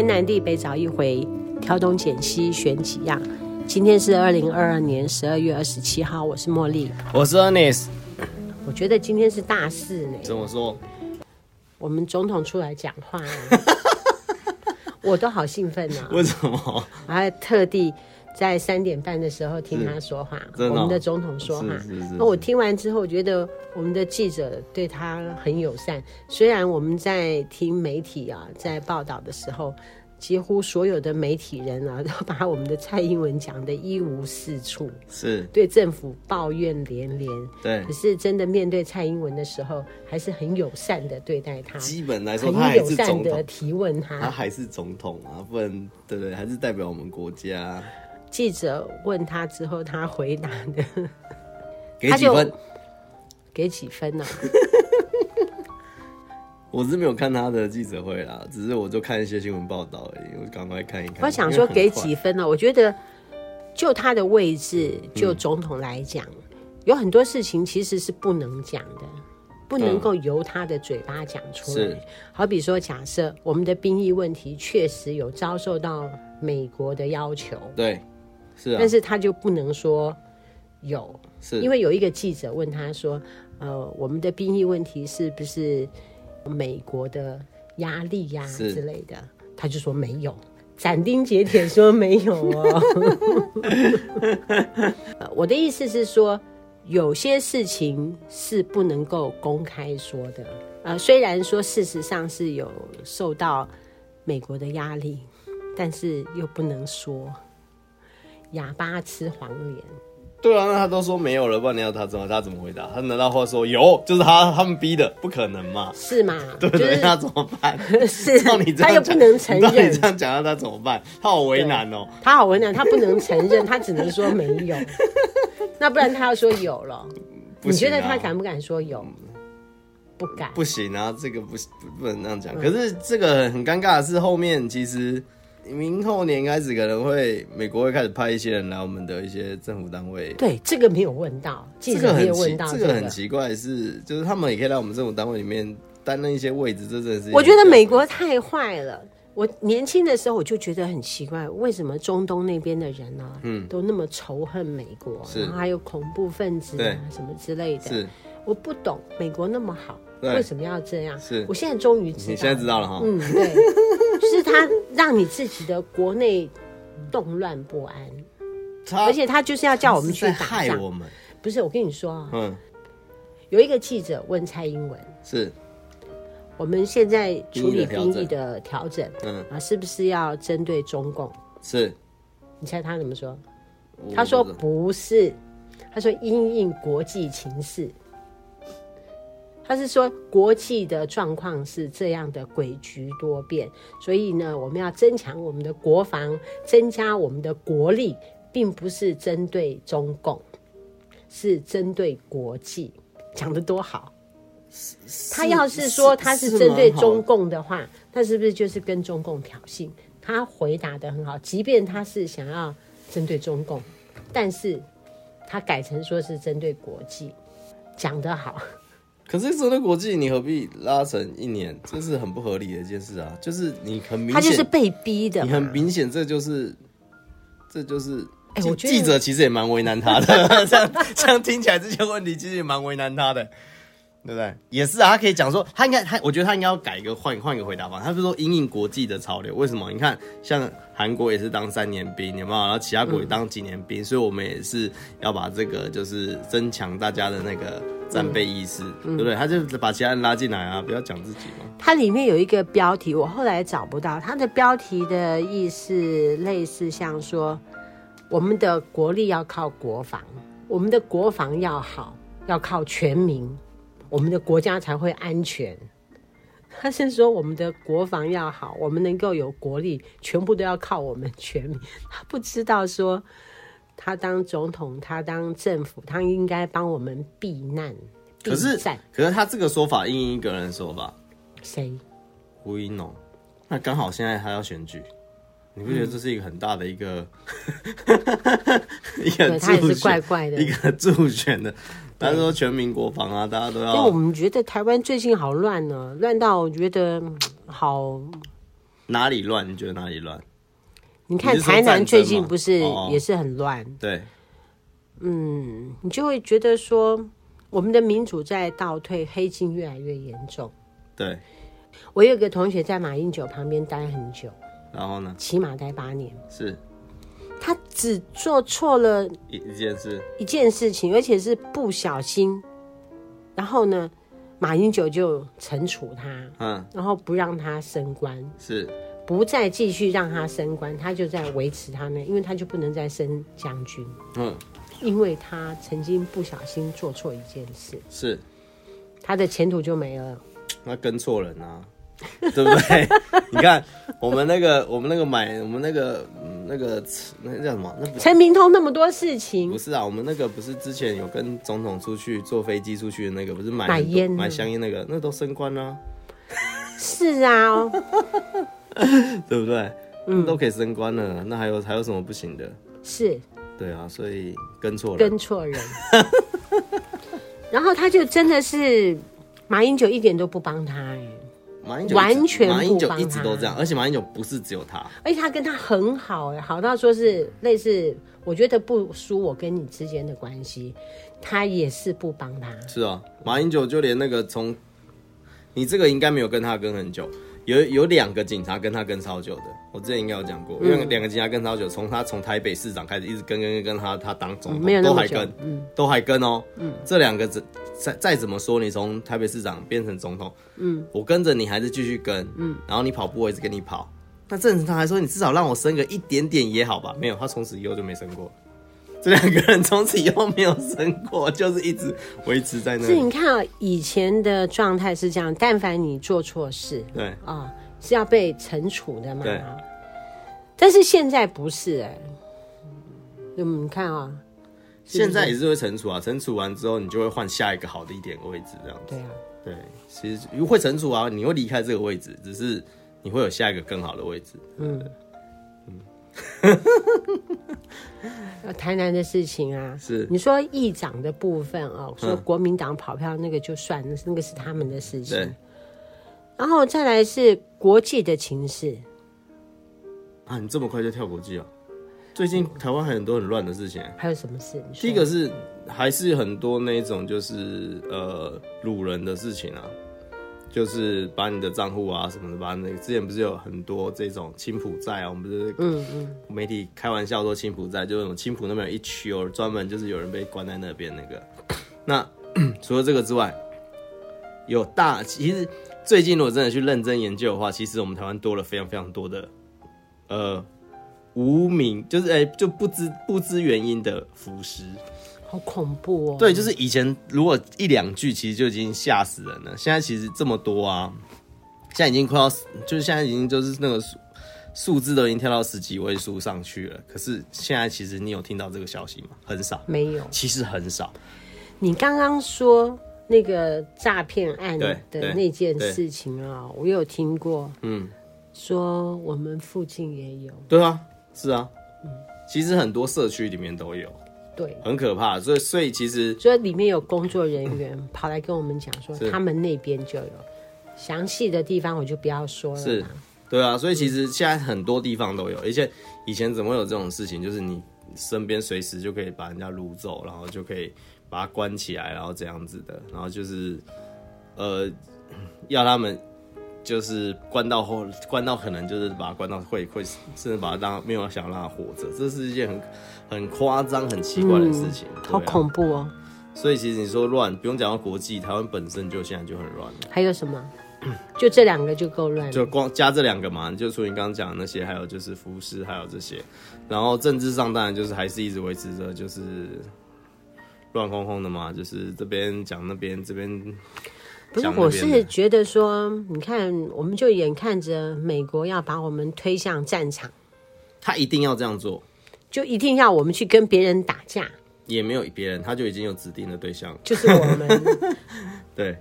天南地北找一回，挑東揀西選幾樣。今天是二零二二年十二月二十七號，我是茉莉，我是 Ernest。我覺得今天是大事呢！怎麼說？我們總統出來講話、啊， 我都好興奮呢、啊。為什麼？還特地。在三點半的時候聽他說話，哦、我們的總統說話。是是是，那我聽完之後，覺得我們的記者對他很友善。嗯、雖然我們在聽媒體啊在報道的時候，幾乎所有的媒體人啊都把我們的蔡英文講得一無是處，是對政府抱怨連連。對，可是真的面對蔡英文的時候，還是很友善的對待他。基本來說，他還是很友善的提問他。他還是總統啊，不然對，對對？還是代表我們國家。記者問他之後，他回答的，給幾分？給幾分呢？我是沒有看他的記者會啦，只是我就看一些新聞報道而已。我趕快看一看。我想說，給幾分呢？我覺得，就他的位置，就總統來講，有很多事情其實是不能講的，不能夠由他的嘴巴講出來。好比說，假設我們的兵役問題確實有遭受到美國的要求，對。但是他就不能說有、啊，因為有一個記者問他說：“呃，我們的兵役問題是不是美國的壓力呀、啊、之類的？”他就說沒有，斬釘截鐵說沒有哦、 呃。我的意思是說，有些事情是不能夠公開說的。呃，雖然說事實上是有受到美國的壓力，但是又不能說。啞巴吃黃連，對啊，那他都說沒有了，不然你要他怎麼？他怎麼回答？他拿到話說有？就是他他們逼的，不可能嘛？是嗎？對對對、就是，他怎麼辦？ 是，他又不能承認，讓你這樣講，讓他怎麼辦？他好為難哦，他好為難，他不能承認， 他只能說沒有。 那不然他要說有了、啊？你覺得他敢不敢說有？不，不敢，不行啊，這個不不能那樣講、嗯。可是這個很尷尬的是，後面其實。明後年開始可能會美國會開始派一些人來我們的一些政府單位。對，這個沒有問到，也問到這個沒有問到。這個很奇怪，是，是就是他們也可以來我們政府單位裡面擔任一些位置，這件事情。我覺得美國太壞了。我年輕的時候，我就覺得很奇怪，為什麼中東那邊的人呢、啊，嗯，都那麼仇恨美國，是然後還有恐怖分子啊什麼之類的，是我不懂，美國那麼好，為什麼要這樣？是我現在終於知道，你現在知道了哈，嗯，對。 就是他讓你自己的國內動亂不安，而且他就是要叫我們去打仗。不是，我跟你說啊，嗯，有一個記者問蔡英文，是我們現在處理兵役的調整，嗯啊，是不是要針對中共？是，你猜他怎麼說？他說不是，他說因應國際情勢。他是說國際的狀況是這樣的詭譎多變，所以呢，我們要增強我們的國防，增加我們的國力，並不是針對中共，是針對國際。講得多好！他要是說他是針對中共的話，那是不是就是跟中共挑釁？他回答得很好，即便他是想要針對中共，但是他改成說是針對國際，講得好。可是，說到國際，你何必拉成一年？這是很不合理的一件事啊！就是你很明顯，他就是被逼的。你很明顯，這就是，這就是。欸、我覺得記者其實也蠻為難他的。這樣這樣聽起來，這些問題其實也蠻為難他的。對不對？也是啊，他可以講說，他應該，他我覺得他應該要改一個換換一個回答方式。他是說因應國際的潮流，為什麼？你看，像韓國也是當三年兵，有沒有？然後其他國也當幾年兵，嗯、所以我們也是要把這個就是增強大家的那個戰備意識，嗯、對不對？他就把其他人拉進來啊，不要講自己嘛。它、嗯嗯、裡面有一個標題，我後來找不到它的標題的意思，類似像說我們的國力要靠國防，我們的國防要好要靠全民。我們的國家才會安全。他是說我們的國防要好，我們能夠有國力，全部都要靠我們全民。他不知道說他當總統，他當政府，他應該幫我們避難、避戰。可是，可是他這個說法，應一個人說吧？誰？吳怡農。那剛好現在他要選舉，你不覺得這是一個很大的一個、嗯、 一個助 他也是怪怪的，一個助選的。他說：“但是全民國防啊，大家都要。”因為我們覺得台灣最近好亂呢、啊，亂到我覺得好，哪裡亂？你覺得哪裡亂？你看台南最近不是也是很亂，哦？對，嗯，你就會覺得說我們的民主在倒退，黑金越來越嚴重。對，我有個同學在馬英九旁邊待很久，然後呢？起碼待八年。是。他只做錯了一一件事一，一件事情，而且是不小心。然後呢，馬英九就懲處他，嗯，然後不讓他升官，是不再繼續讓他升官，他就在維持他那，因為他就不能再升將軍，嗯，因為他曾經不小心做錯一件事，是他的前途就沒了。他跟錯人啊， 對不對？你看我們那個，我們那個買，我們那個。那個那個，叫什麼？那陳明通那麼多事情，不是啊？我們那個不是之前有跟總統出去坐飛機出去的那個，不是買菸買，買香菸那個，那個，都升官了啊。 是啊、哦， 對不對？嗯，都可以升官了，那還有還有什麼不行的？是。對啊，所以跟錯人。跟錯人。 然後他就真的是馬英九一點都不幫他。完全，馬英九一直都這樣，而且馬英九不是只有他，而且他跟他很好欸，好到說是類似，我覺得不輸我跟你之間的關係，他也是不幫他。是啊，馬英九就連那個從，你這個應該沒有跟他跟很久。有有兩個警察跟他跟超久的，我之前應該有講過，嗯、因為兩個警察跟超久，從他從台北市長開始一直跟跟跟跟他，他當總統、嗯、都還跟、嗯，都還跟哦，嗯、這兩個怎，再再怎麼說，你從台北市長變成總統，嗯，我跟着你還是繼續跟、嗯，然後你跑步，我一直跟你跑，那、嗯、正常他還說，你至少讓我升個一點點也好吧？沒有，他從此以後就沒升過。這兩個人從此以後沒有生過，就是一直維持在那裡。是，你看啊、哦，以前的狀態是這樣，但凡你做錯事，對啊、哦，是要被懲處的嘛。但是現在不是，哎，你看啊、哦，現在也是會懲處啊，懲處完之後，你就會換下一個好的一點的位置，這樣子。對啊。對，其實會懲處啊，你會離開這個位置，只是你會有下一個更好的位置。嗯。對 台南的事情啊，是你說議長的部分啊、哦，說國民黨跑票那個就算，那、嗯、那個是他們的事情。然後再來是國際的情勢啊，你這麼快就跳國際啊？最近台灣還很多很亂的事情、啊嗯，還有什麼事？第一個是還是很多那種就是呃擄人的事情啊。就是把你的賬戶啊什麼的，把那個之前不是有很多這種青埔寨啊，我們不是、嗯嗯、媒體開玩笑說青埔寨就是那種青埔那邊一區，有專門就是有人被關在那邊那個。那 除了這個之外，有大其實最近如果真的去認真研究的話，其實我們台灣多了非常非常多的呃無名，就是哎、欸、就不知不知原因的浮屍。好恐怖哦！對，就是以前如果一兩句其實就已經嚇死人了，現在其實這麼多啊，現在已經快到，就是現在已經就是那個數數字都已經跳到十幾位數上去了。可是現在其實你有聽到這個消息嗎？很少，沒有，其實很少。你剛剛說那個詐騙案的那件事情啊、哦，嗯，我有聽過。嗯，說我們附近也有。對啊，是啊。嗯，其實很多社區裡面都有。對，很可怕，所以所以其實，所以裡面有工作人員跑來跟我們講說，他們那邊就有詳細的地方，我就不要說了。是，對啊，所以其實現在很多地方都有，而、嗯、且以，以前怎麼會有這種事情？就是你身邊隨時就可以把人家擄走，然後就可以把他關起來，然後這樣子的，然後就是呃，要他們就是關到後，關到可能就是把他關到會會甚至把他當沒有想讓他活着，這是一件很。嗯很誇張、很奇怪的事情，嗯啊，好恐怖哦！所以其實你說亂，不用講到國際，台灣本身就現在就很亂了。還有什麼？就這兩個就夠亂， 就光加這兩個嘛，就除了你剛剛講的那些，還有就是服飾，還有這些。然後政治上當然就是還是一直維持着就是亂哄哄的嘛，就是這邊講那邊這邊。不是，我是覺得說，你看，我們就眼看着美國要把我們推向戰場，他一定要這樣做。就一定要我們去跟別人打架？也沒有別人，他就已經有指定的對象就是我們， 對，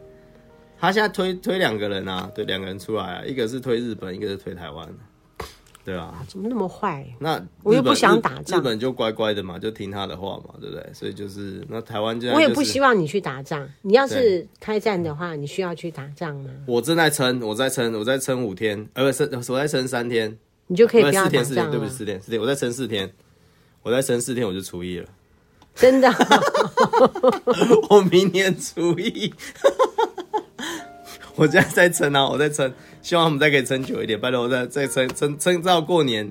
他現在推推兩個人啊，對，兩個人出來啊，一個是推日本，一個是推台灣，對啊，怎麼那麼壞、欸？那我又不想打仗日，日本就乖乖的嘛，就聽他的話嘛，對不對？所以就是那台灣、就是，我也不希望你去打仗。你要是開戰的話，你需要去打仗嗎？我正在撐，我在撐，我在撐五天，呃，不是，我在撐三天，天，你就可以四、啊、天，四天、啊，對不起，四天，四天，我在撐四天。我再撐四天，我就除役了。真的，哦， 我明年除役， 我現在在撐啊，我在撐，希望我們再可以撐久一點，拜託，我再再撐撐撐到過年，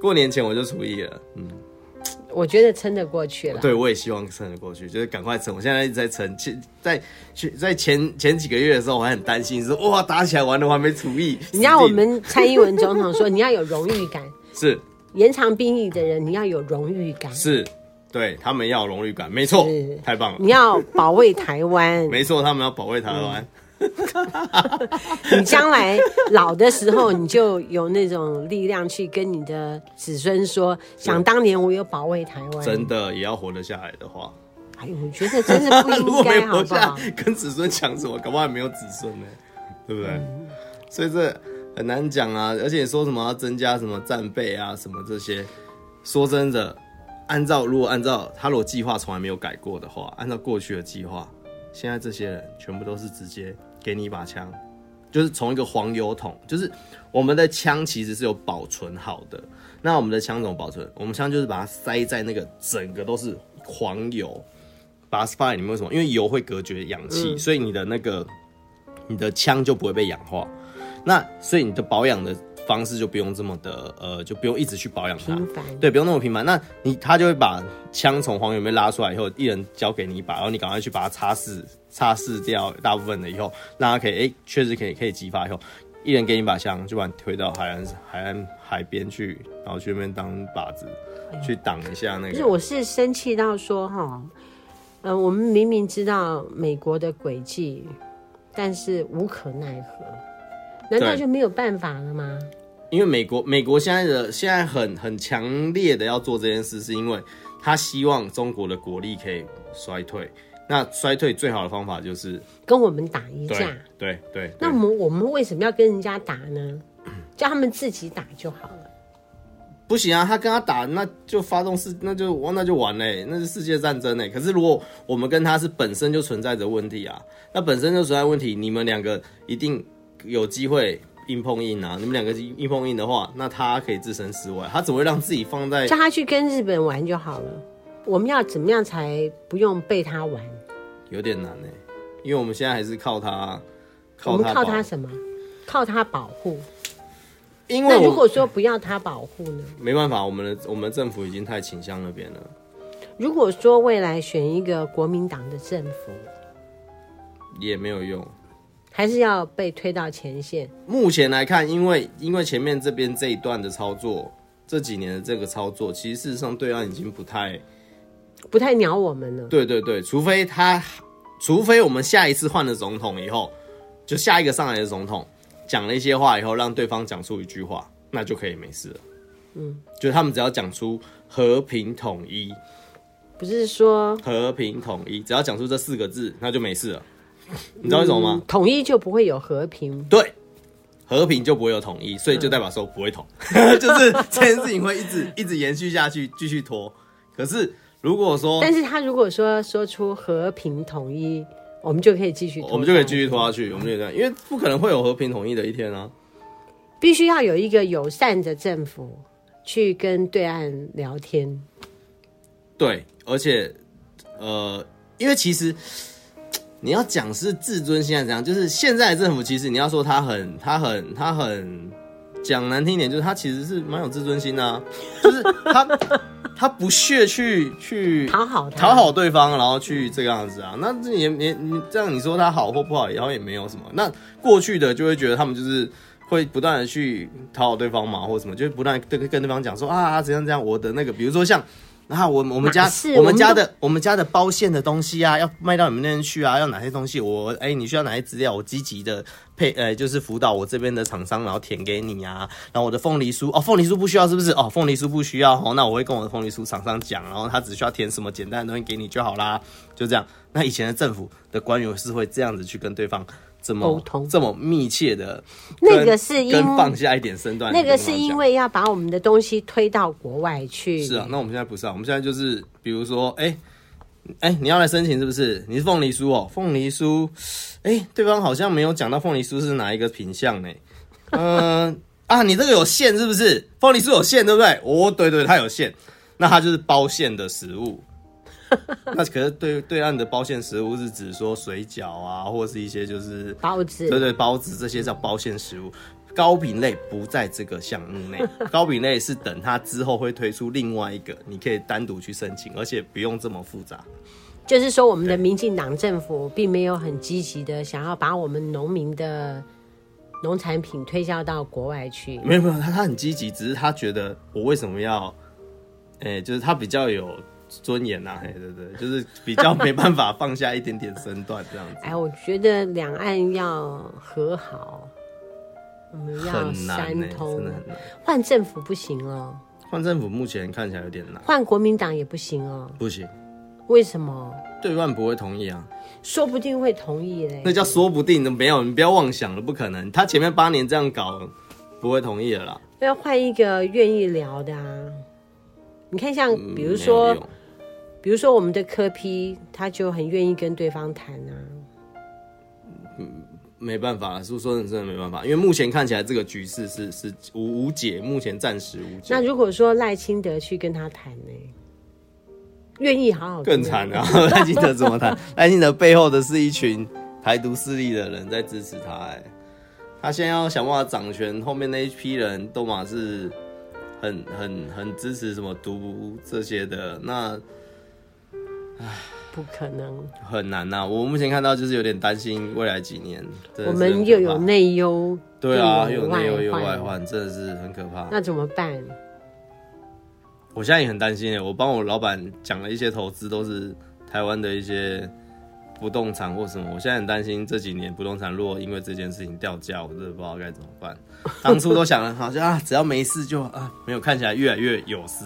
過年前我就除役了。嗯，我覺得撐得過去了。對，我也希望撐得過去，就是趕快撐。我現在一直在撐，前在去在前前幾個月的時候，我還很擔心，說哇，打起來玩的話我還沒除役。你知道我們蔡英文總統說， 你要有榮譽感。是。延長兵役的人，你要有榮譽感，是對他們要榮譽感，沒錯，太棒了。你要保衛台灣， 沒錯，他們要保衛台灣。嗯、 你將來老的時候，你就有那種力量去跟你的子孫說：想當年我有保衛台灣。真的也要活得下來的話，哎呦，我覺得真的不應該，好不好？跟子孫講什麼？搞不好沒有子孫呢、欸，對不對？嗯、所以這。很難講啊，而且說什麼要增加什麼戰備啊，什麼這些，說真的，按照如果按照他如果計劃從來沒有改過的話，按照過去的計劃，現在這些人全部都是直接給你一把槍，就是從一個黃油桶，就是我們的槍其實是有保存好的，那我們的槍怎麼保存？我們槍就是把它塞在那個整個都是黃油把它塞在裡面，為什麼？因為油會隔絕氧氣、嗯，所以你的那個你的槍就不會被氧化。那所以你的保養的方式就不用這麼的，呃，就不用一直去保養它，對，不用那麼頻繁。那你他就會把槍從黃油裡面拉出來以後，一人交給你一把，然後你趕快去把它擦拭，擦拭掉大部分的以後，讓他可以哎，確實可以可以激發以後，一人給你把槍，就把你推到海岸海岸海邊去，然後去那邊當靶子去擋一下那個。不是，我是生氣到說哈，呃，我們明明知道美國的軌跡，但是無可奈何。難道就沒有辦法了嗎？因為美國，美國現在的現在很很強烈的要做這件事，是因為他希望中國的國力可以衰退。那衰退最好的方法就是跟我們打一架。對對，對。那我們我們為什麼要跟人家打呢？嗯？叫他們自己打就好了。不行啊，他跟他打，那就發動世，那就完，那就完了，那是世界戰爭呢、欸。可是如果我們跟他是本身就存在着問題啊，那本身就存在問題，你們兩個一定。有機會硬碰硬啊！你們兩個硬硬碰硬的話，那他可以置身事外。他只會讓自己放在叫他去跟日本玩就好了。我們要怎麼樣才不用被他玩？有點難呢、欸，因為我們現在還是靠他，靠他我們靠他什麼？靠他保護。因為那如果說不要他保護呢、欸？沒辦法，我們的我們的政府已經太傾向那邊了。如果說未來選一個國民黨的政府，也沒有用。還是要被推到前線。目前來看，因為因為前面這邊這一段的操作，這幾年的這個操作，其實事實上對岸已經不太、嗯、不太鳥我們了。對對對，除非他，除非我們下一次換了總統以後，就下一個上來的總統講了一些話以後，讓對方講出一句話，那就可以沒事了。嗯，就他們只要講出和平統一，不是說和平統一，只要講出這四個字，那就沒事了。你知道為什麼嗎、嗯？統一就不會有和平，對，和平就不會有統一，所以就代表說不會統，嗯、 就是這件事情會一直一直延續下去，繼續拖。可是如果說，但是他如果說說出和平統一，我們就可以繼續拖，我們就可以繼續拖下去，我們就這樣，因為不可能會有和平統一的一天啊！必須要有一個友善的政府去跟對岸聊天。對，而且呃，因為其實。你要講是自尊心還是怎樣？就是現在的政府，其實你要說他很，他很，他很，講難聽一點，就是他其實是蠻有自尊心的啊，就是他 他不屑去去討好討好對方，然後去這個樣子啊。那這也也你這樣你說他好或不好，然後也沒有什麼。那過去的就會覺得他們就是會不斷的去討好對方嘛，或什麼，就是不斷跟跟對方講說啊怎樣怎樣，我的那個，比如說像。然後我我們家我們家的我們家的包餡的東西啊，要賣到你們那邊去啊，要哪些東西我？我哎，你需要哪些資料？我積極的配呃，就是輔導我這邊的廠商，然後填給你啊。然後我的鳳梨酥哦，鳳梨酥不需要是不是？哦，鳳梨酥不需要哦，那我會跟我的鳳梨酥廠商講，然後他只需要填什麼簡單的東西給你就好啦，就這樣。那以前的政府的官員是會這樣子去跟對方。怎麼溝通這麼密切的？那個是因為放下一點身段，那個是因為要把我們的東西推到國外去。是啊，那我們現在不是啊？我們現在就是，比如說，哎、欸，哎、欸，你要來申請是不是？你是鳳梨酥哦、喔，鳳梨酥。哎、欸，對方好像沒有講到鳳梨酥是哪一個品相呢？嗯、呃、 啊，你這個有餡是不是？鳳梨酥有餡對不對？哦，對對，它有餡，那它就是包餡的食物。 那可是對對岸的包餡食物是指說水餃啊，或是一些就是包子，對對，對，包子這些叫包餡食物。糕餅類不在這個項目內， 糕餅類是等他之後會推出另外一個，你可以單獨去申請，而且不用這麼複雜。就是說，我們的民進黨政府並沒有很積極的想要把我們農民的農產品推銷到國外去。 沒有沒有，他他很積極，只是他覺得我為什麼要？哎、欸，就是他比較有尊嚴吶、啊，對不對，對？就是比較沒辦法放下一點點身段這樣子。哎， 我覺得兩岸要和好，我們要三通，很難，欸，真的很難。換政府不行哦，換政府目前看起來有點難。換國民黨也不行哦，不行。為什麼？對岸不會同意啊？說不定會同意咧。那叫說不定的，沒有，你不要妄想了，不可能。他前面八年這樣搞，不會同意了啦。要換一個願意聊的啊。你看，像比如說。嗯比如說我們的柯 P，他就很願意跟對方談啊、嗯，沒辦法，是說真的沒辦法，因為目前看起來這個局勢是是無解，目前暫時無解。那如果說賴清德去跟他談呢、欸，願意好好更慘啊！賴清德怎麼談？賴 清德背後的是一群台獨勢力的人在支持他、欸，哎，他現在要想辦法掌權，後面那一批人都嘛是很很很支持什麼獨這些的，那。不可能，很難吶、啊。我目前看到就是有點擔心未來幾年，我們又有內憂，對啊，又有內憂又有外患，真的是很可怕、啊。那怎麼辦？我現在也很擔心、欸，、我幫我老闆講了一些投資，都是台灣的一些不動產或什麼。我現在很擔心這幾年不動產如果因為這件事情掉價，我真的不知道該怎麼辦。當初都想了， 好像啊，只要沒事就啊，沒有，看起來越來越有事。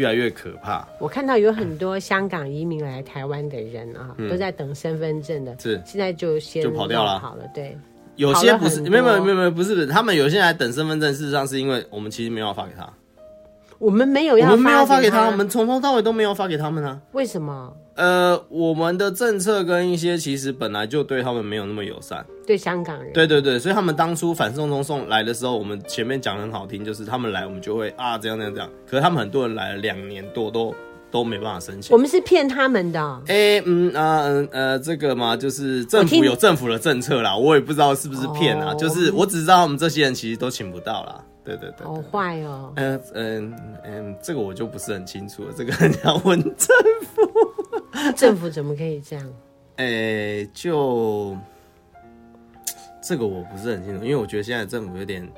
越來越可怕。我看到有很多香港移民來台灣的人啊，嗯，都在等身份證的。是，現在就先就跑掉了。好了，對，有些不是，沒有沒有沒有，不是他們有些還等身份證，事實上是因為我們其實沒辦法發給他。我們沒有要發、啊，我們沒有發給他們，我們從頭到尾都沒有發給他們啊。為什麼？呃，我們的政策跟一些其實本來就對他們沒有那麼友善，對香港人，對對對，所以他們當初反送中送來的時候，我們前面講的很好聽，就是他們來我們就會啊這樣這樣這樣，可是他們很多人來了兩年多多，都都沒辦法申請，我們是騙他們的。哎，嗯，啊，嗯，呃，呃呃這個嘛，就是政府有政府的政策啦，我也不知道是不是騙啊，就是我只知道我們這些人其實都請不到啦。對對對，對,對，好壞哦。嗯嗯嗯，這個我就不是很清楚了，這個你要問政府 政府怎麼可以這樣？哎、欸，就這個我不是很清楚，因為我覺得現在政府有點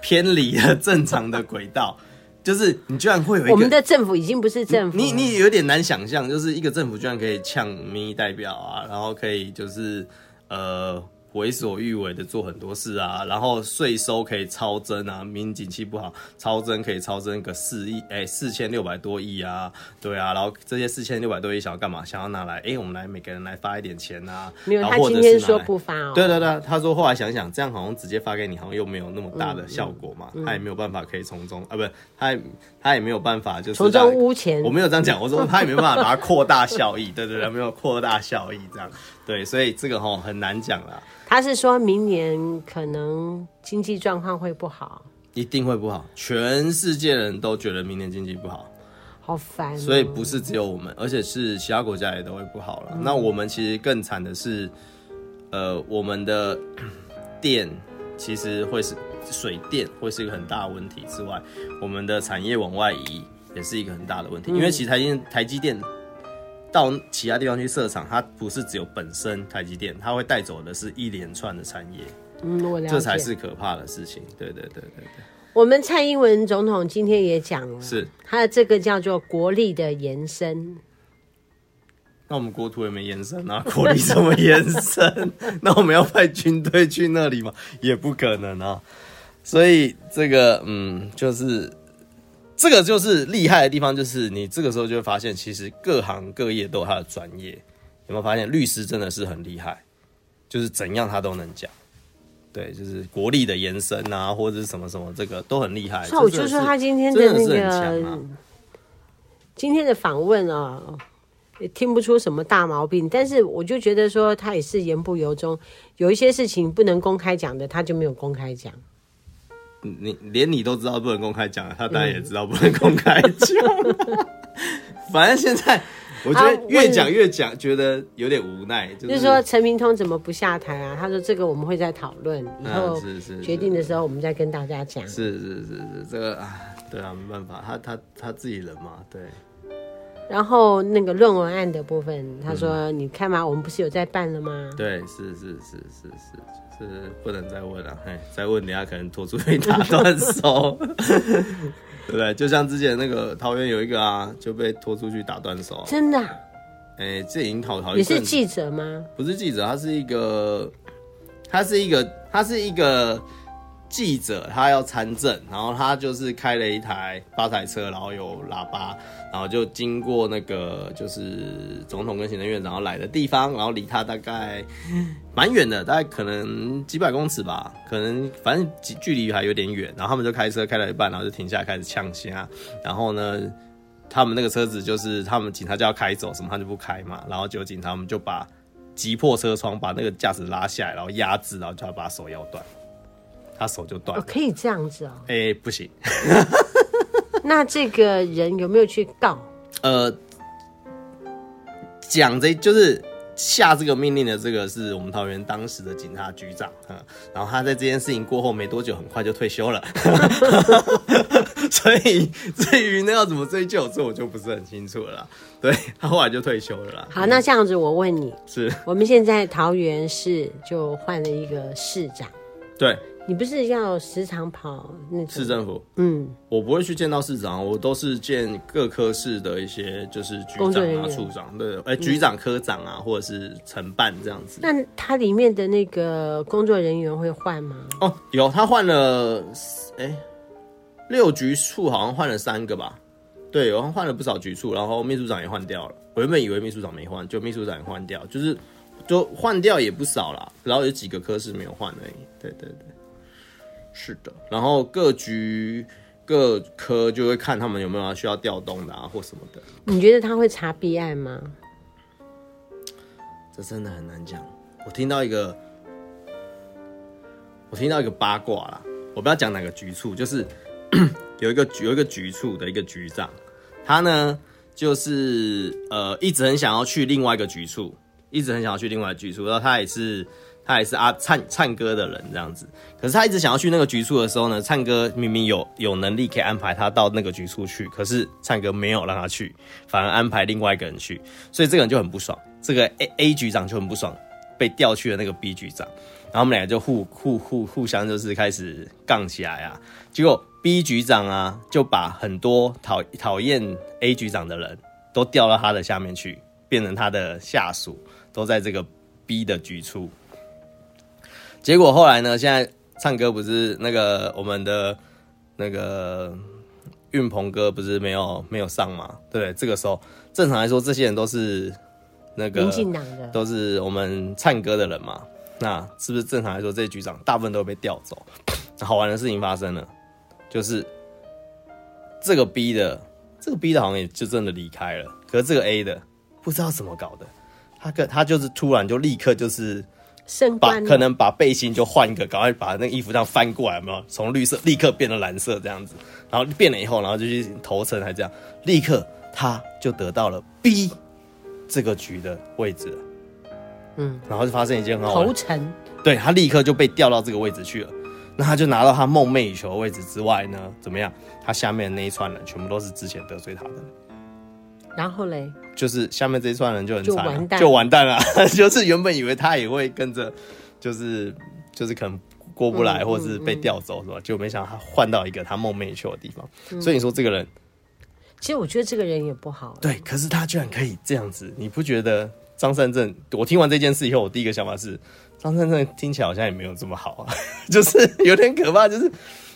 偏離了正常的軌道。 就是你居然會有一個，我們的政府已經不是政府，你你，你有點難想象，就是一個政府居然可以嗆民意代表啊，然後可以就是呃。為所欲為的做很多事啊，然後稅收可以超增啊，明明景氣不好，超增可以超增個四億，哎，四千六百多億啊，對啊，然後這些四千六百多億想要幹嘛？想要拿來哎、欸，我們來每個人來發一點錢啊，沒有，然後今天說不發哦，對對對，他說，後來想想這樣好像直接發給你，好像又沒有那麼大的效果嘛，嗯嗯、他也沒有辦法可以從中啊，不是他也他也沒有辦法就是從中污錢，我沒有這樣講，我說他也沒辦法把它擴大效益， 對對對，沒有擴大效益這樣。對，所以這個吼、哦、很難講了。他是說明年可能經濟狀況會不好，一定會不好。全世界人都覺得明年經濟不好，好煩、哦。所以不是只有我們，而且是其他國家也都會不好了、嗯。那我們其實更慘的是，呃，我們的電其實會是水電會是一個很大的問題。之外，我們的產業往外移也是一個很大的問題，嗯、因為其實台電、台積電。到其他地方去設廠，它不是只有本身台積電，它會帶走的是一連串的產業，嗯、這才是可怕的事情。對對、對對對，我們蔡英文總統今天也講了，是他的這個叫做國力的延伸。那我們國土也沒延伸啊，國力怎麼延伸？ 那我們要派軍隊去那裡嗎？也不可能啊。所以這個，嗯，就是。這個就是厲害的地方，就是你這個時候就會發現，其實各行各業都有他的專業。有沒有發現，律師真的是很厲害，就是怎樣他都能講。對，就是國力的延伸啊，或者是什麼什麼，這個都很厲害。那、嗯這個、我就說他今天的那個，真的是很強啊、今天的訪問啊、哦，也聽不出什麼大毛病，但是我就覺得說他也是言不由衷，有一些事情不能公開講的，他就沒有公開講。你連你都知道不能公開講，他當然也知道不能公開講。嗯、 反正現在我覺得越講越講，覺得有點無奈。就是、就是、說陳明通怎麼不下台啊？他說這個我們會再討論，以後是是決定的時候我們再跟大家講、啊。是是是是，是是是這個啊，對啊，沒辦法，他他他自己人嘛，對。然後那個論文案的部分，他說：“你看嘛，嗯，我們不是有在辦了嗎？”對，是是是是是是不能再問了，啊，再問等下可能拖出去打斷手， 對不對？就像之前那個桃園有一個啊，就被拖出去打斷手，啊，真的。哎，欸，這已經逃逃你是記者嗎？不是記者，他是一個，他是一個，他是一個。記者他要參政，然後他就是開了一台八台車，然後有喇叭，然後就經過那個就是總統跟行政院然後來的地方，然後離他大概蠻遠的，大概可能幾百公尺吧，可能反正距距離還有點遠，然後他們就開車開了一半，然後就停下來開始嗆聲啊，然後呢，他們那個車子就是他們警察就要開走，什麼他就不開嘛，然後就警察他們就把擊破車窗，把那個駕駛拉下來，然後壓制，然後就要把手咬斷。他手就斷了、哦，可以這樣子哦。哎、欸，不行。 那這個人有沒有去告？呃，講這就是下這個命令的這個是我們桃園當時的警察局長，然後他在這件事情過後沒多久，很快就退休了。 所以至於那要怎麼追究，這我就不是很清楚了。對，他後來就退休了好，嗯，那這樣子我問你，是我們現在桃園市就換了一個市長？對。你不是要時常跑那個、市政府？嗯，我不會去見到市長，我都是見各科室的一些就是局長啊、處長對，哎、嗯欸，局長、嗯、科長啊，或者是承辦這樣子。那它裡面的那個工作人員會換嗎？哦，有他換了，哎、欸，六局處好像換了三個吧？對，然後換了不少局處，然後秘書長也換掉了。我原本以為秘書長沒換，就秘書長也換掉，就是就換掉也不少了。然後有幾個科室沒有換而已。對對對。是的，然後各局各科就會看他們有沒有需要調動的啊，或什麼的。你覺得他會查 B 案嗎？這真的很難講。我聽到一個，我聽到一個八卦啦。我不要講哪個局處，就是 有一個有一個局處的一個局長，他呢就是呃一直很想要去另外一個局處，一直很想要去另外一個局處，然後他也是。他也是阿燦燦哥的人這樣子，可是他一直想要去那個局處的時候呢，燦哥明明有有能力可以安排他到那個局處去，可是燦哥沒有讓他去，反而安排另外一個人去，所以這個人就很不爽，這個 A A 局長就很不爽，被調去了那個 B 局長，然後我們兩個就互互互互相就是開始槓起來啊，結果 B 局長啊就把很多討討厭 A 局長的人都調到他的下面去，變成他的下屬，都在這個 B 的局處。結果後來呢？現在唱歌不是那個我們的那個運鵬哥不是沒有沒有上嘛，對，這個時候正常來說，這些人都是那個民進黨的，都是我們唱歌的人嘛。那是不是正常來說，這局長大部分都被調走？好玩的事情發生了，就是這個 B 的，這個 B 的好像也就真的離開了。可是這個 A 的不知道怎麼搞的，他跟他就是突然就立刻就是。把可能把背心就換一個，趕快把那個衣服這樣翻過來，沒有？從綠色立刻變成藍色這樣子，然後變了以後，然後就去投誠還這樣，立刻他就得到了 B 這個局的位置。嗯，然後就發生一件很好玩，投誠對他立刻就被調到這個位置去了。那他就拿到他夢寐以求的位置之外呢？怎麼樣？他下面的那一串人全部都是之前得罪他的。然後嘞，就是下面這一串人就很慘、啊，就完蛋了。就完蛋了 就是原本以為他也會跟着，就是就是可能過不來，嗯嗯、或者是被調走是吧？就、嗯嗯、沒想到他換到一個他夢寐以求的地方、嗯。所以你說這個人，其實我覺得這個人也不好、啊。對，可是他居然可以這樣子，你不覺得？張善政，我聽完這件事以後，我第一個想法是，張善政聽起來好像也沒有這麼好啊， 就是有點可怕。就是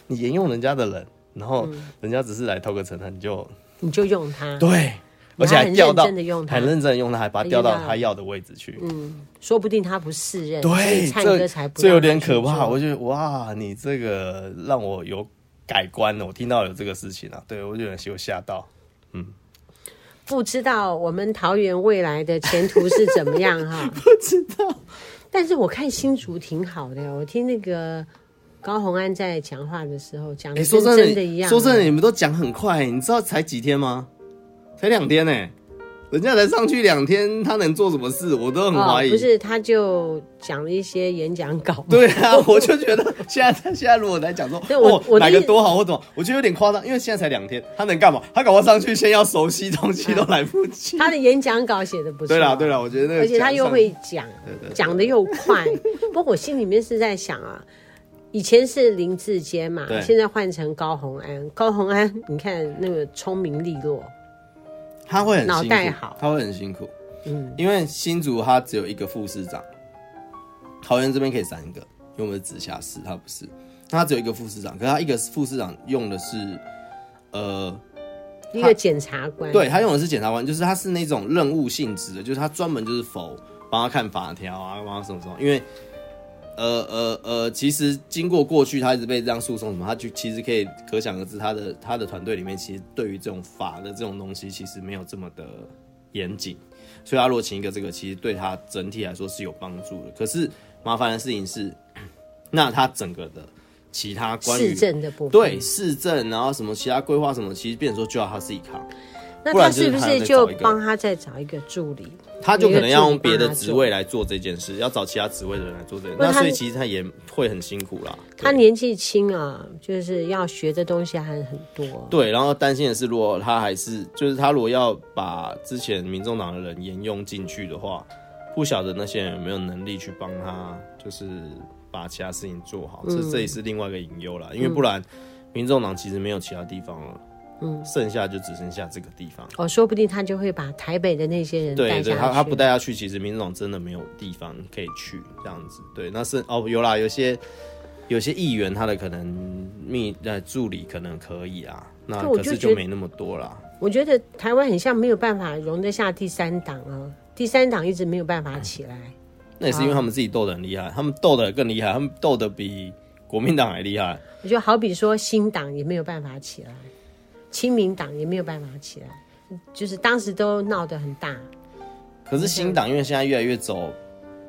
你沿用人家的人，然後人家只是來投個誠，你就、嗯、你就用他，對。而且調到還很認真的用它，還，它、嗯、還把它調到他要的位置去。嗯，說不定他不適應，對，唱歌才不這，這有點可怕。我就哇，你這個讓我有改觀了。我聽到有這個事情了、啊，對我覺得有嚇到。嗯，不知道我們桃園未來的前途是怎麼樣哈？ 不知道，但是我看新竹挺好的。我聽那個高虹安在講話的時候講、欸，說真的，一樣。說真的，你們都講很快，你知道才幾天嗎？才兩天呢、欸，人家才上去兩天，他能做什麼事？我都很懷疑、哦。不是，他就講了一些演講稿。對啊，我就覺得現在現在如果來講說 我，我的、哦、哪個多好或怎麼，我覺得有點誇張，因為現在才兩天，他能幹嘛？他趕快上去，先要熟悉東西、啊、都來不及。他的演講稿寫的不錯。對啦對啦，我覺得那個，而且他又會講，講的又快。對對對，不過，我心裡面是在想啊，以前是林智堅嘛，現在換成高虹安，高虹安你看那個聰明利落他會很辛苦，他會很辛苦，嗯，因為新竹他只有一個副市長，桃園這邊可以三個，因為我們是直轄市，他不是，他只有一個副市長，可是他一個副市長用的是，呃，一個檢察官，對，他用的是檢察官，就是他是那種任務性質的，就是他專門就是否幫他看法條啊，幫他什麼什麼，因為。呃呃呃，其實經過過去，他一直被這樣訴訟什麼，他就其實可以可想而知他，他的他的團隊裡面，其實對於這種法的這種東西，其實沒有這麼的嚴謹，所以他若請一個這個，其實對他整體來說是有幫助的。可是麻煩的事情是，那他整個的其他關於，市政的部分，對市政，然後什麼其他規劃什麼，其實變成說就要他自己扛。那他是不是就幫他再找一個助理？他就可能要用別的職位來做這件事，要找其他職位的人來做這件事。那所以其實他也會很辛苦啦。他年紀輕啊，就是要學的東西還很多、啊。對，然後擔心的是，如果他還是就是他如果要把之前民眾黨的人沿用進去的話，不曉得那些人有沒有能力去幫他，就是把其他事情做好。這、嗯、這也是另外一個隱憂啦，因為不然民眾黨其實沒有其他地方了、啊。嗯，剩下就只剩下這個地方、嗯、哦，說不定他就會把台北的那些人帶着，對對，他他不帶他去，其實民眾真的沒有地方可以去這樣子。對，那是哦，有啦，有些有些議員他的可能秘呃助理可能可以啊，那可是就沒那麼多了。我覺得台灣很像沒有辦法容得下第三黨啊，第三黨一直沒有辦法起來、嗯。那也是因為他們自己鬥得很厲害，他們鬥得更厲害，他們鬥得比國民黨還厲害。我就好比說新黨也沒有辦法起來。親民黨也沒有辦法起來，就是當時都鬧得很大。可是新黨因為現在越來越走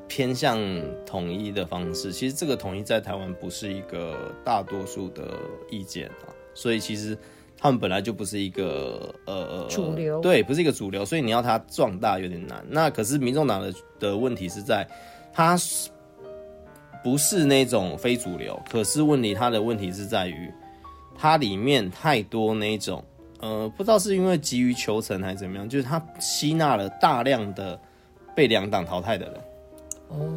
偏向統一的方式，其實這個統一在台灣不是一個大多數的意見啊，所以其實他們本來就不是一個呃主流，對，不是一個主流，所以你要他壯大有點難。那可是民眾黨的的問題是在，他不是那種非主流，可是問題他的問題是在於。它裡面太多那種，呃，不知道是因為急於求成還是怎麼樣，就是他吸納了大量的被兩黨淘汰的人，哦，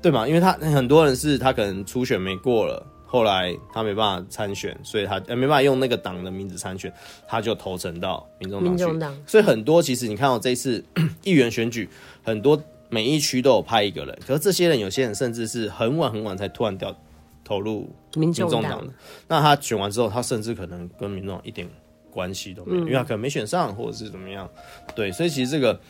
對吧？因為他很多人是他可能初選沒過了，後來他沒辦法參選，所以他、呃、沒辦法用那個黨的名字參選，他就投誠到民眾黨去。所以很多其實你看到這一次議員選舉，很多每一區都有派一個人，可是這些人有些人甚至是很晚很晚才突然掉。投入民眾黨的，那他選完之後，他甚至可能跟民眾一點關係都沒有，嗯，因為他可能沒選上，或者是怎麼樣。對，所以其實這個，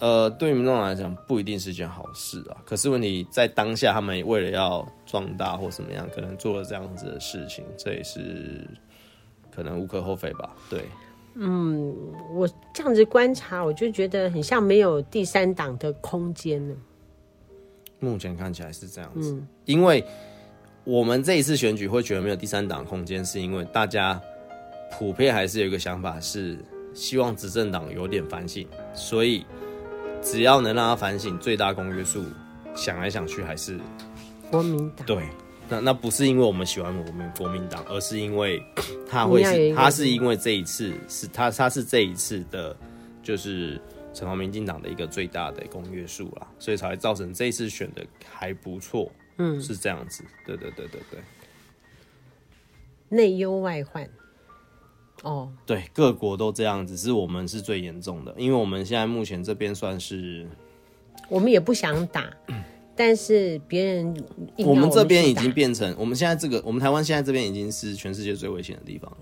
呃，對於民眾來講，不一定是一件好事啊。可是問題在當下，他們為了要壯大或怎麼樣，可能做了這樣子的事情，這也是可能無可厚非吧？對，嗯，我這樣子觀察，我就覺得很像沒有第三黨的空間呢。目前看起來是這樣子，嗯，因為。我們這一次選舉會覺得沒有第三黨空間，是因為大家普遍還是有一個想法，是希望執政黨有點反省。所以，只要能讓他反省，最大公約數想來想去還是國民黨。對，那那不是因為我們喜歡我們國民黨，而是因為他會是，他是因為這一次是他他是這一次的，就是成為民進黨的一個最大的公約數啦，所以才會造成這一次選的還不錯。嗯，是這樣子，對對對對對，對，內憂外患，哦、oh.，對，各國都這樣子，是我們是最嚴重的，因為我們現在目前這邊算是，我們也不想打， 但是別人我們，我們這邊已經變成，我們現在這個，我們台灣現在這邊已經是全世界最危險的地方了，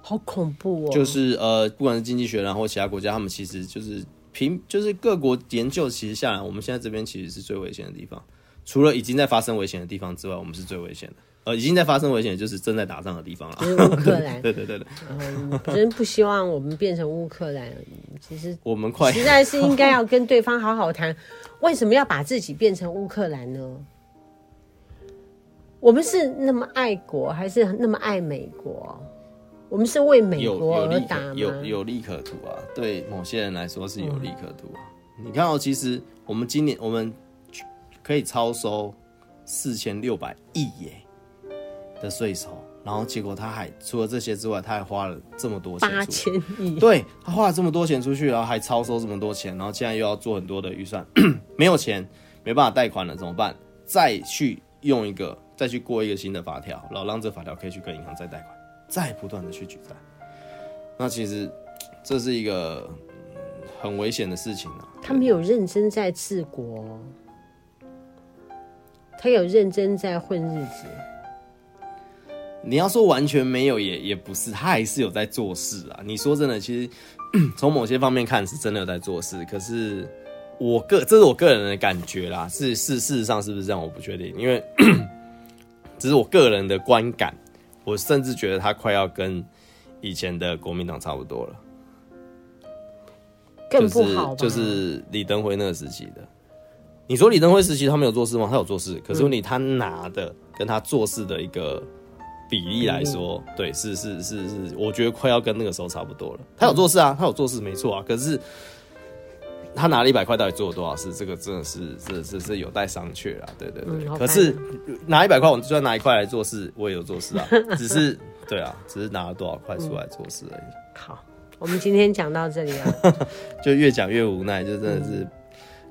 好恐怖哦，就是呃，不管是經濟學然後其他國家，他們其實就是平，就是各國研究其實下來，我們現在這邊其實是最危險的地方。除了已經在發生危險的地方之外，我們是最危險的。呃，已經在發生危險的就是正在打仗的地方了，就是烏克蘭。 對對對真、嗯就是、不希望我們變成烏克蘭、嗯。其實我們快，實在是應該要跟對方好好談。為什麼要把自己變成烏克蘭呢？我們是那麼愛國，還是那麼愛美國？我們是為美國而打嗎？有有利，有，有利可圖啊，對某些人來說是有利可圖、啊嗯、你看哦、喔，其實我們今年我們。可以超收四千六百億耶的稅收，然後結果他還除了這些之外，他還花了這麼多錢，八千億，對，他花了這麼多錢出去，然後還超收這麼多錢，然後現在又要做很多的預算， 沒有錢，沒辦法貸款了，怎麼辦？再去用一個，再去過一個新的法條，然後讓這法條可以去跟銀行再貸款，再不斷的去舉債，那其實這是一個很危險的事情啊。他沒有認真在治國。他有認真在混日子，你要說完全沒有也、也不是，他還是有在做事啊。你說真的，其實從某些方面看是真的有在做事。可是我個這是我個人的感覺啦，是、是、是事實上是不是這樣我不確定，因為只 是我個人的觀感。我甚至覺得他快要跟以前的國民黨差不多了，更不好，就是，就是李登輝那個時期的。你說李登輝時期，他沒有做事嗎？他有做事，可是問題，他拿的跟他做事的一個比例來說，嗯、對，是是是是，我覺得快要跟那個時候差不多了。他有做事啊，嗯、他有做事沒錯啊，可是他拿了一百塊，到底做了多少事？這個真的是，這這這有待商榷啊。對對對、嗯，可是拿一百塊，我就算拿一塊來做事，我也有做事啊。只是，對啊，只是拿了多少塊出來做事而已。嗯、好，我們今天講到這裡啊， 就越講越無奈，就真的是、嗯。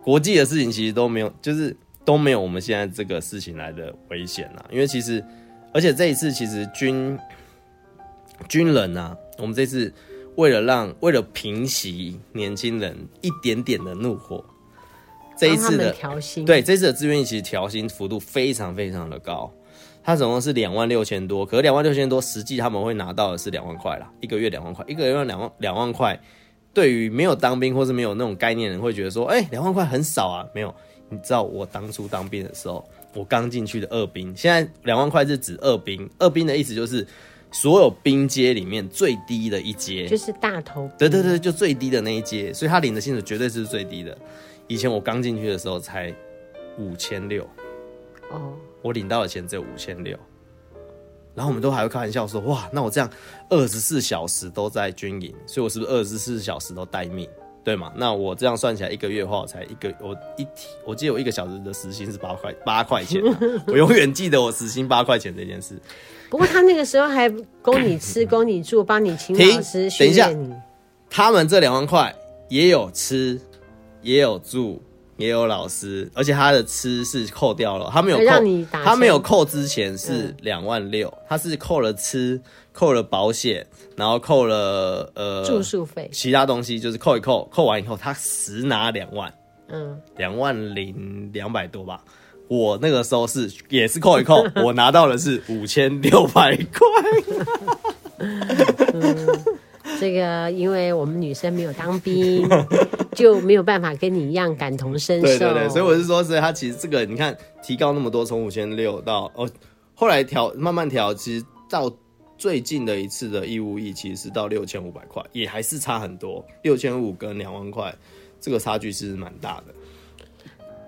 國際的事情其實都沒有，就是都沒有我們現在這個事情來的危險啦、啊。因為其實，而且這一次其實軍軍人吶、啊，我們這次為了讓為了平息年輕人一點點的怒火，這一次的調、啊、薪，對，這次的志願役其實調薪幅度非常非常的高，它總共是兩萬六千多，可是兩萬六千多實際他們會拿到的是兩萬塊啦，一個月兩萬塊，一個月兩萬兩萬塊。對於沒有當兵或是沒有那種概念的人，會覺得說：“哎、欸，兩萬塊很少啊。”沒有，你知道我當初當兵的時候，我剛進去的二兵，現在兩萬塊是指二兵。二兵的意思就是所有兵階裡面最低的一階，就是大頭。對對對，就最低的那一階，所以他領的薪水絕對是最低的。以前我剛進去的時候才五千六哦，我領到的錢只有五千六。然後我們都還會開玩笑說：“哇，那我這樣二十四小時都在軍營，所以我是不是二十四小時都待命，對嗎？那我這樣算起來，一個月的話我才一個我一天，我記得我一個小時的時薪是八塊八塊錢啊， 我永遠記得我時薪八塊錢這件事。不過他那個時候還供你吃，供你住，幫你請老師，等一下，他們這兩萬塊也有吃，也有住。”也有老師，而且他的吃是扣掉了，他沒有扣，讓你打他沒有扣之前是兩萬六、嗯，他是扣了吃，扣了保險，然後扣了呃住宿費，其他東西就是扣一扣，扣完以後他實拿兩萬，兩萬零兩百多吧。我那個時候是也是扣一扣， 我拿到的是五千六百塊。這個因為我們女生沒有當兵。 就沒有辦法跟你一樣感同身受，的 對對對，所以我是說，是他其實這個你看提高那麼多，從五千六到哦，後來調慢慢調，其實到最近的一次的義務役其實是到六千五百塊，也還是差很多，六千五跟兩萬塊這個差距是蠻大的。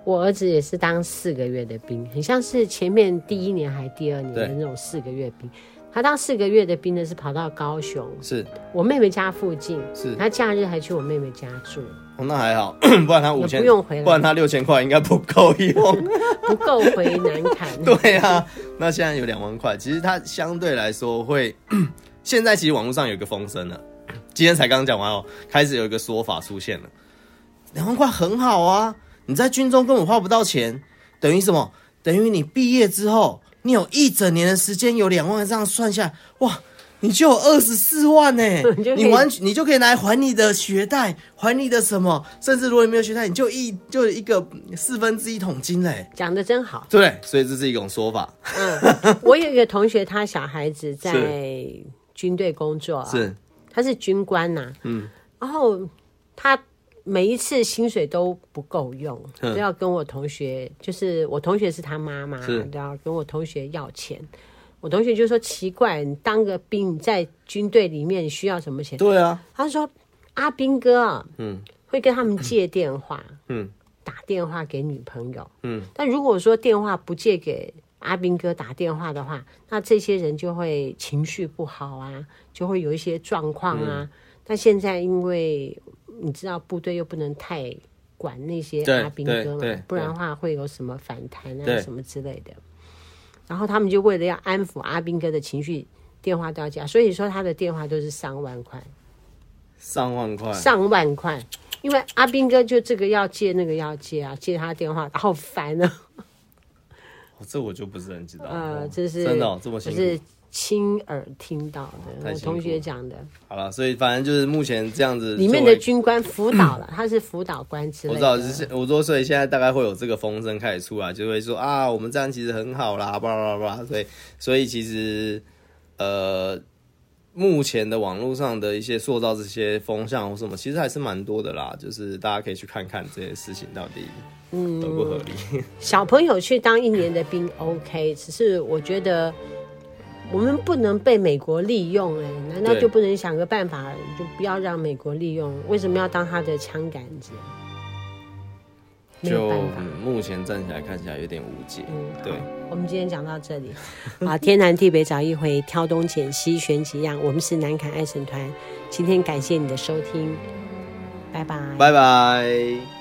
我兒子也是當四個月的兵，很像是前面第一年還是第二年的那種四個月兵。他當四個月的兵呢，是跑到高雄，是我妹妹家附近。是，他假日還去我妹妹家住。哦，那還好， 不然他五千，不，不然他六千塊應該不夠用， 不夠回南崁。 對啊，那現在有兩萬塊，其實他相對來說會。 現在其實網絡上有一個風聲了，今天才剛講完哦，開始有一個說法出現了。兩萬塊很好啊，你在軍中根本花不到錢，等於什麼？等於你畢業之後。你有一整年的時間，有兩萬，這樣算下來，哇，你就有二十四萬呢、欸。你完，你就可以來還你的學貸，還你的什麼？甚至如果你沒有學貸，你就一就一個四分之一桶金嘞、欸。講得真好。對，所以這是一種說法。嗯， 我有一個同學，他小孩子在軍隊工作，是，他是軍官吶、啊。嗯，然後他。每一次薪水都不夠用，都、嗯、要跟我同學，就是我同學是他媽媽，都要跟我同學要錢。我同學就說奇怪，你當個兵在軍隊裡面需要什麼錢？對啊，他說阿兵哥，嗯，會跟他們借電話，嗯，打電話給女朋友，嗯。但如果說電話不借給阿兵哥打電話的話，那這些人就會情緒不好啊，就會有一些狀況啊、嗯。但現在因為。你知道部隊又不能太管那些阿兵哥嘛，不然的話會有什麼反彈啊什麼之類的。然後他們就為了要安撫阿兵哥的情緒，電話都要接啊，所以說他的電話都是上萬塊，上萬塊，上萬塊，因為阿兵哥就這個要接，那個要接啊，接他電話，好煩啊、哦。這我就不是很知道，呃，這是真的、哦，這麼就是。親耳聽到的，我同學講的。好了，所以反正就是目前這樣子。裡面的軍官輔導了， 他是輔導官之類，我知道是五十多歲，現在大概會有這個風聲開始出來，就會說啊，我們這樣其實很好啦，叭叭叭。所以，所以其實呃，目前的網絡上的一些塑造這些風向或什麼，其實還是蠻多的啦。就是大家可以去看看這些事情到底，嗯，都不合理、嗯。小朋友去當一年的兵 ，OK，只是我覺得。我們不能被美國利用哎，難道就不能想個辦法，就不要讓美國利用？為什麼要當他的槍桿子？就目前站起來看起來有點無解。嗯、對，我們今天講到這裡。 好，天南地北找一回，挑東揀西選幾樣。我們是南崁愛省團，今天感謝你的收聽，拜拜，拜拜。